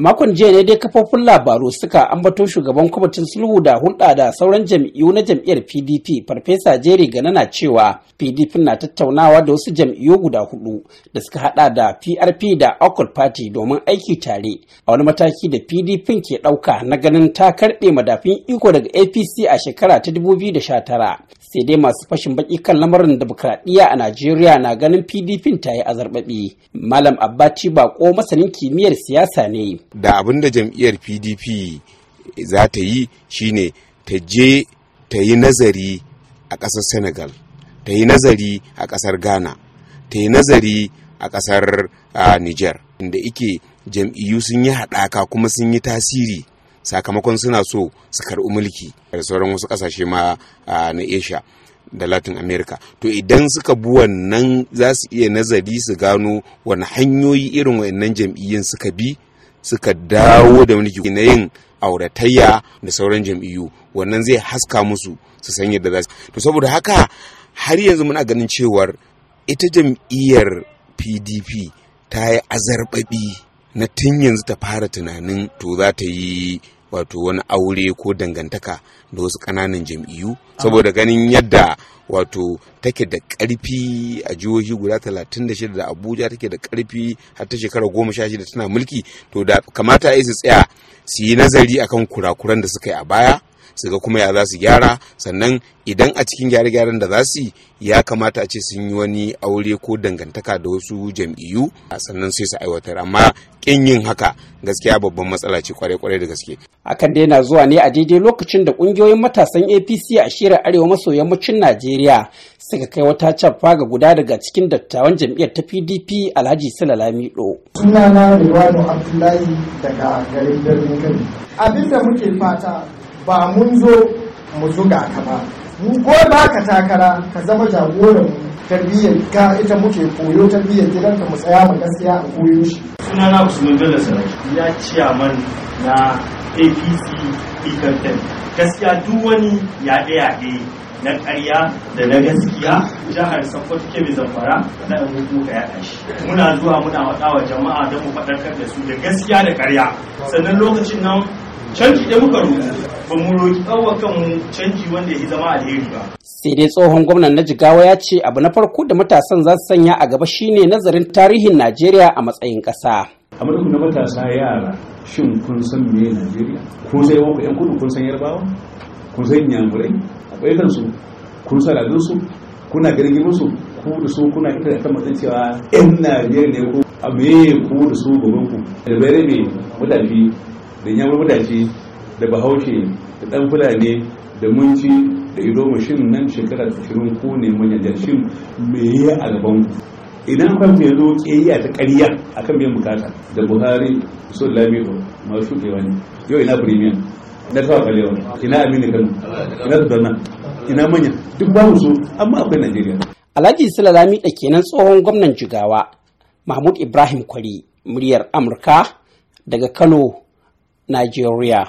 a makon jiya ne dai kafofin labaru suka ambato shugaban kwamitin sulhu da hulɗa da sauran jam'iyyu na jam'iyyar pdp farfesa jerry gana na cewa pdp na tattaunawa da wasu jam'iyyu guda hudu da suka hada da prp da awkward party domin aiki tare a wani mataki da pdp ke ɗauka na ganin ta karɓe madafin iko daga apc a shekara ta 2019 sai dai masu fashin baki kan lamarin demokradiyya a najeriya na ganin pdp ta yi azarbabi malam abbaci bako masanin kimiyyar siyasa ne da abin da jam'iyyar pdp za ta yi shine ta je ta yi nazari a ƙasar senegal ta yi nazari a ƙasar ghana ta yi nazari a ƙasar niger inda ike jam'iyyu sun yi haɗaka kuma sun yi tasiri sakamakon suna so su karɓi mulki da sauran wasu ƙasashe ma na asia da latin america to idan suka bi wannan za su iya nazari su gano wani hanyoyi irin wa'annan jam'iyyun suka bi suka dawo da mulki na yin auratayya da sauran jam'iyyu wannan zai haska musu su san yadda za su to saboda haka har yanzu muna ganin cewar ita jam'iyyar pdp ta yi azarbabi na tun yanzu ta fara tunanin to za ta yi wato wani aure ko dangantaka da wasu ƙananan jam'iyyu saboda ganin yadda wato take da ƙarfi a jihohi guda 36 da abuja take da ƙarfi har ta shekara goma sha shida tana mulki to da kamata a su tsaya su yi nazari akan kurakuran da suka yi a baya su ga kuma ya za su gyara sannan idan a cikin gyare-gyaren da za su ya kamata a ce sun yi wani aure ko dangantaka da wasu jam'iyyu sannan sai su aiwatar amma kin yin haka gaskiya babban matsala ce kwarai-kwarai da gaske hakan dai na zuwa ne a daidai lokacin da kungiyoyin matasan apc a shirin arewa maso yammacin najeriya suka kai wata caffa ga guda daga cikin dattawan jam'iyyar ta pdp alhaji salalami lamido. sunana riwano abdullahi daga garin birnin abin da muke fata ba mun zo mu zuga ka ba mu ko ba ka takara ka zama jagoran tarbiyyar ka ita muke koyo tarbiyyar gidanka mu tsaya mu gaskiya a koyo shi suna na usman bello sarki ya ciya man na apc ikantan gaskiya duk wani yaɗe yaɗe na ƙarya da na gaskiya jihar sokoto kebe zamfara na mu ka yaɗa shi muna zuwa muna faɗa wa jama'a don mu faɗarkar da su da gaskiya da ƙarya sannan lokacin nan canji da muka rubuta ba mu roƙi ɗaukar kanmu canji wanda ya zama alheri ba. sai dai tsohon gwamnan na jigawa ya ce abu na farko da matasan za su sanya a gaba shine nazarin tarihin najeriya a matsayin ƙasa. a madadin na matasa yara shin kun san me najeriya kun san yawan yan kudu kun san yarbawa kun san yamurai a ɓaidansu kun san al'adunsu kuna ganin girmansu ku da su kuna ita da ta matsayin cewa yan najeriya ne ku a me ku da su gaban ku da bayar ne mutafi da yamur mutafi da bahaushe da dan fulani da munci da ido shin nan shekara 20 ko ne manyan shin me ya a gaban ku idan kan mai zo ƙiyayya ta ƙarya akan biyan bukata da buhari so lamido masu kewa wani yau ina premium na kawo kalewa ina aminu kano ina zudana ina manya duk ba mu so amma akwai najeriya alhaji sila da kenan tsohon gwamnan jigawa mahmud ibrahim kwari muryar amurka daga kano Nigeria.